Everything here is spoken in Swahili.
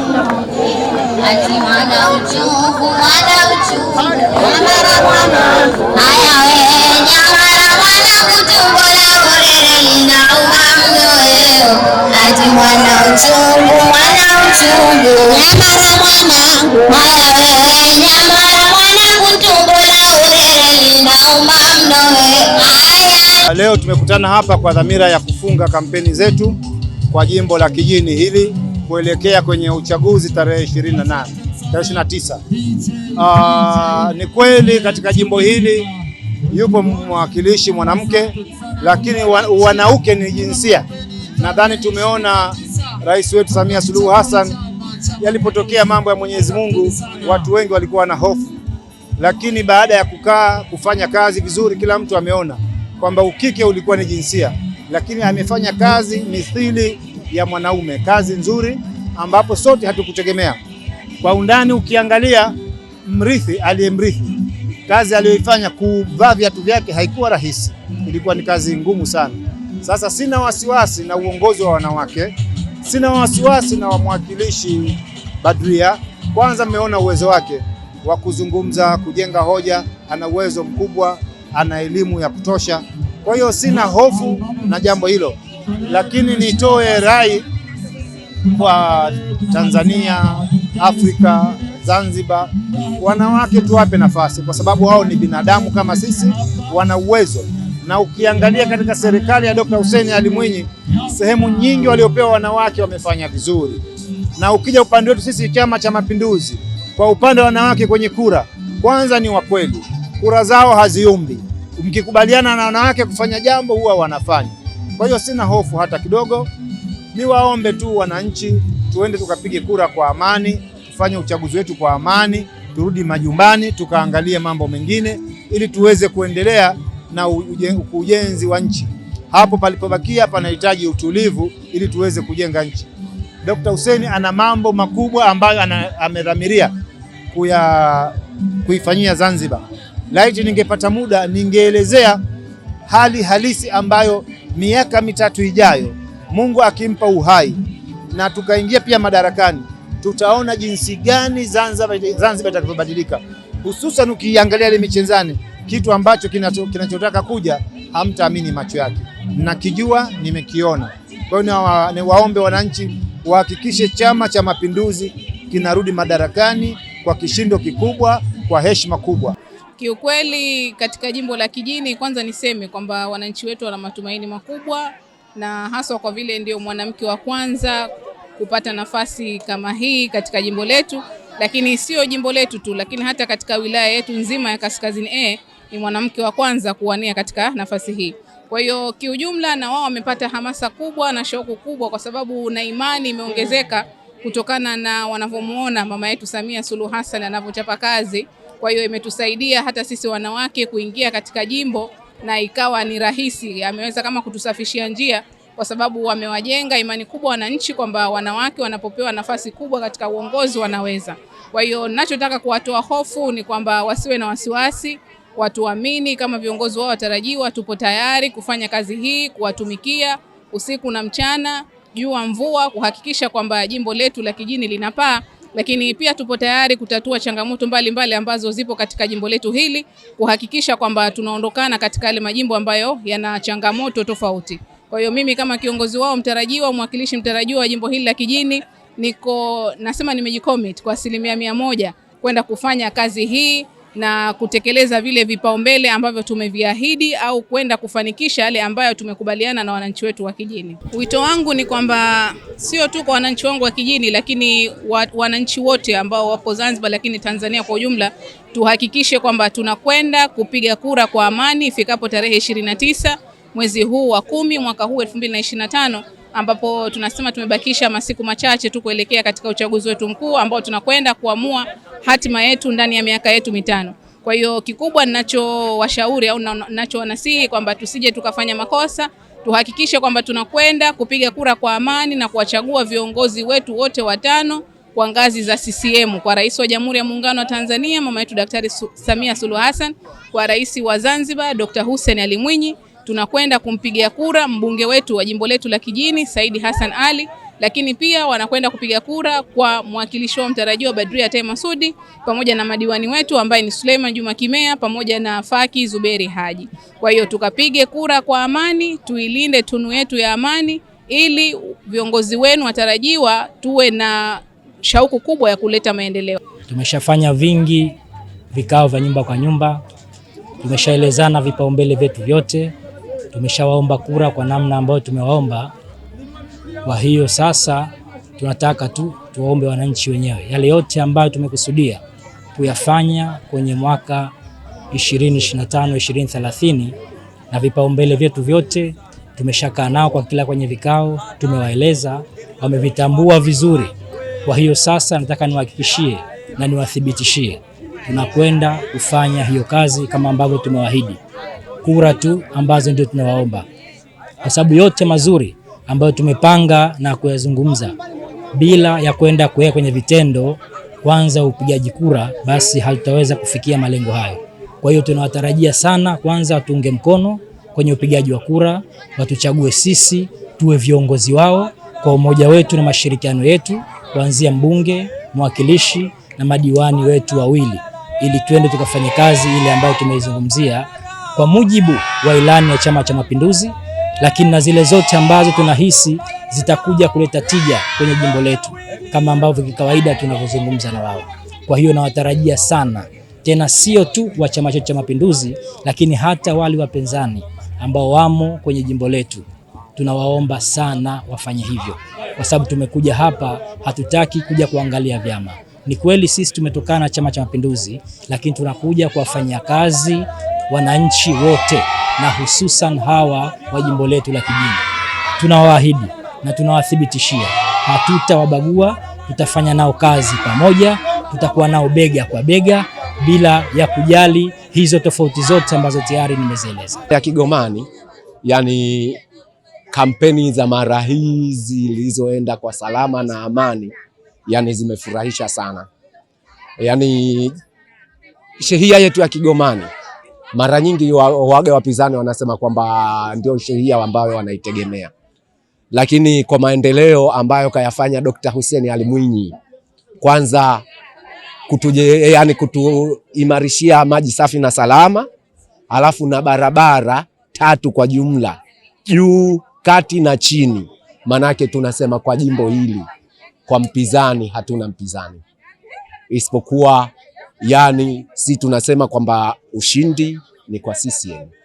Ati uchungu, uchungu, Haya we nyamara leo. Ati uchungu, uchungu, nyamara Haya we nyamara Haya leo tumekutana hapa kwa dhamira ya kufunga kampeni zetu kwa jimbo la kijini hili kuelekea kwenye uchaguzi tarehe 28 tarehe 29. Aa, ah, ni kweli katika jimbo hili yupo mwakilishi mwanamke, lakini wanauke ni jinsia. Nadhani tumeona rais wetu Samia Suluhu Hassan, yalipotokea mambo ya Mwenyezi Mungu, watu wengi walikuwa na hofu, lakini baada ya kukaa kufanya kazi vizuri, kila mtu ameona kwamba ukike ulikuwa ni jinsia, lakini amefanya kazi mithili ya mwanaume, kazi nzuri ambapo sote hatukutegemea. Kwa undani ukiangalia, mrithi aliyemrithi, kazi aliyoifanya kuvaa viatu vyake haikuwa rahisi, ilikuwa ni kazi ngumu sana. Sasa sina wasiwasi na uongozi wa wanawake, sina wasiwasi na wamwakilishi Badria. Kwanza mmeona uwezo wake wa kuzungumza, kujenga hoja, ana uwezo mkubwa, ana elimu ya kutosha. Kwa hiyo sina hofu na jambo hilo lakini nitoe rai kwa Tanzania, Afrika, Zanzibar, wanawake tuwape nafasi, kwa sababu wao ni binadamu kama sisi, wana uwezo. Na ukiangalia katika serikali ya Dr. Hussein Ali Mwinyi, sehemu nyingi waliopewa wanawake wamefanya vizuri, na ukija upande wetu sisi Chama cha Mapinduzi, kwa upande wa wanawake kwenye kura, kwanza ni wakweli, kura zao haziumbi. Mkikubaliana na wanawake kufanya jambo, huwa wanafanya kwa hiyo sina hofu hata kidogo. Niwaombe tu wananchi, tuende tukapige kura kwa amani, tufanye uchaguzi wetu kwa amani, turudi majumbani tukaangalie mambo mengine, ili tuweze kuendelea na ujenzi wa nchi. Hapo palipobakia panahitaji utulivu, ili tuweze kujenga nchi. Dr. Hussein ana mambo makubwa ambayo amedhamiria kuya kuifanyia Zanzibar. Laiti ningepata muda ningeelezea hali halisi ambayo miaka mitatu ijayo, Mungu akimpa uhai na tukaingia pia madarakani, tutaona jinsi gani Zanzibar Zanzibar itakavyobadilika, hususan ukiangalia ile michezani, kitu ambacho kinachotaka kuja hamtaamini macho yake. Nakijua, nimekiona. Kwa hiyo wa, niwaombe wananchi wahakikishe Chama cha Mapinduzi kinarudi madarakani kwa kishindo kikubwa, kwa heshima kubwa. Kiukweli katika jimbo la Kijini, kwanza niseme kwamba wananchi wetu wana matumaini makubwa, na haswa kwa vile ndio mwanamke wa kwanza kupata nafasi kama hii katika jimbo letu, lakini sio jimbo letu tu, lakini hata katika wilaya yetu nzima ya Kaskazini A ni mwanamke wa kwanza kuwania katika nafasi hii. Kwa hiyo kiujumla, na wao wamepata hamasa kubwa na shauku kubwa, kwa sababu na imani imeongezeka kutokana na wanavyomuona mama yetu Samia Suluhu Hassan anavyochapa kazi kwa hiyo imetusaidia hata sisi wanawake kuingia katika jimbo na ikawa ni rahisi. Ameweza kama kutusafishia njia, kwa sababu wamewajenga imani kubwa wananchi kwamba wanawake wanapopewa nafasi kubwa katika uongozi wanaweza. Kwa hiyo ninachotaka kuwatoa hofu ni kwamba wasiwe na wasiwasi, watuamini kama viongozi wao watarajiwa. Tupo tayari kufanya kazi hii, kuwatumikia usiku na mchana, jua mvua, kuhakikisha kwamba jimbo letu la Kijini linapaa lakini pia tupo tayari kutatua changamoto mbalimbali mbali ambazo zipo katika jimbo letu hili kuhakikisha kwamba tunaondokana katika yale majimbo ambayo yana changamoto tofauti. Kwa hiyo mimi kama kiongozi wao mtarajiwa, mwakilishi mtarajiwa wa jimbo hili la Kijini, niko nasema nimejikomit kwa asilimia mia moja kwenda kufanya kazi hii na kutekeleza vile vipaumbele ambavyo tumeviahidi au kwenda kufanikisha yale ambayo tumekubaliana na wananchi wetu wa kijini. Wito wangu ni kwamba sio tu kwa wananchi wangu wa kijini, lakini wananchi wote ambao wapo Zanzibar, lakini Tanzania kwa ujumla, tuhakikishe kwamba tunakwenda kupiga kura kwa amani ifikapo tarehe ishirini na tisa mwezi huu wa kumi mwaka huu 2025 ambapo tunasema tumebakisha masiku machache tu kuelekea katika uchaguzi wetu mkuu ambao tunakwenda kuamua hatima yetu ndani ya miaka yetu mitano. Kwa hiyo kikubwa ninachowashauri au ninachowanasihi kwamba tusije tukafanya makosa, tuhakikishe kwamba tunakwenda kupiga kura kwa amani na kuwachagua viongozi wetu wote watano kwa ngazi za CCM, kwa rais wa Jamhuri ya Muungano wa Tanzania mama yetu Daktari Samia Suluhu Hassan, kwa rais wa Zanzibar Dr. Hussein Ali Mwinyi tunakwenda kumpigia kura mbunge wetu wa jimbo letu la Kijini Saidi Hassan Ali, lakini pia wanakwenda kupiga kura kwa mwakilishi wao mtarajiwa Badria Teh Masudi pamoja na madiwani wetu ambaye ni Suleiman Juma Kimea pamoja na Faki Zuberi Haji. Kwa hiyo tukapige kura kwa amani, tuilinde tunu yetu ya amani ili viongozi wenu watarajiwa tuwe na shauku kubwa ya kuleta maendeleo. Tumeshafanya vingi vikao vya nyumba kwa nyumba, tumeshaelezana vipaumbele vyetu vyote tumeshawaomba kura kwa namna ambayo tumewaomba. Kwa hiyo sasa tunataka tu tuwaombe wananchi wenyewe yale yote ambayo tumekusudia kuyafanya kwenye mwaka 2025 2030, na vipaumbele vyetu vyote tumeshakaa nao kwa kila kwenye vikao, tumewaeleza wamevitambua vizuri. Kwa hiyo sasa nataka niwahakikishie na niwathibitishie tunakwenda kufanya hiyo kazi kama ambavyo tumewaahidi kura tu ambazo ndio tunawaomba, kwa sababu yote mazuri ambayo tumepanga na kuyazungumza bila ya kwenda kuweka kwenye vitendo kwanza upigaji kura, basi hatutaweza kufikia malengo hayo. Kwa hiyo tunawatarajia sana, kwanza watunge mkono kwenye upigaji wa kura, watuchague sisi tuwe viongozi wao kwa umoja wetu na mashirikiano yetu, kuanzia mbunge, mwakilishi na madiwani wetu wawili, ili tuende tukafanye kazi ile ambayo tumeizungumzia kwa mujibu wa ilani ya Chama cha Mapinduzi, lakini na zile zote ambazo tunahisi zitakuja kuleta tija kwenye jimbo letu kama ambavyo kikawaida tunavyozungumza na wao. Kwa hiyo nawatarajia sana tena, sio tu wa chama chetu cha Mapinduzi, lakini hata wale wapinzani ambao wamo kwenye jimbo letu, tunawaomba sana wafanye hivyo, kwa sababu tumekuja hapa, hatutaki kuja kuangalia vyama. Ni kweli sisi tumetokana na Chama cha Mapinduzi, lakini tunakuja kuwafanyia kazi wananchi wote na hususan hawa wa jimbo letu la Kijini. Tunawaahidi na tunawathibitishia hatutawabagua, tutafanya nao kazi pamoja, tutakuwa nao bega kwa bega bila ya kujali hizo tofauti zote ambazo tayari nimezieleza. Ya Kigomani, yani kampeni za mara hii zilizoenda kwa salama na amani, yani zimefurahisha sana, yani shehia yetu ya Kigomani mara nyingi waga wapinzani wanasema kwamba ndio sheria ambayo wanaitegemea, lakini kwa maendeleo ambayo kayafanya Dr. Hussein Ali Mwinyi, kwanza kutuje, yani kutuimarishia maji safi na salama, alafu na barabara tatu kwa jumla, juu, kati na chini. Manake tunasema kwa jimbo hili kwa mpinzani hatuna mpinzani isipokuwa Yaani si tunasema kwamba ushindi ni kwa CCM.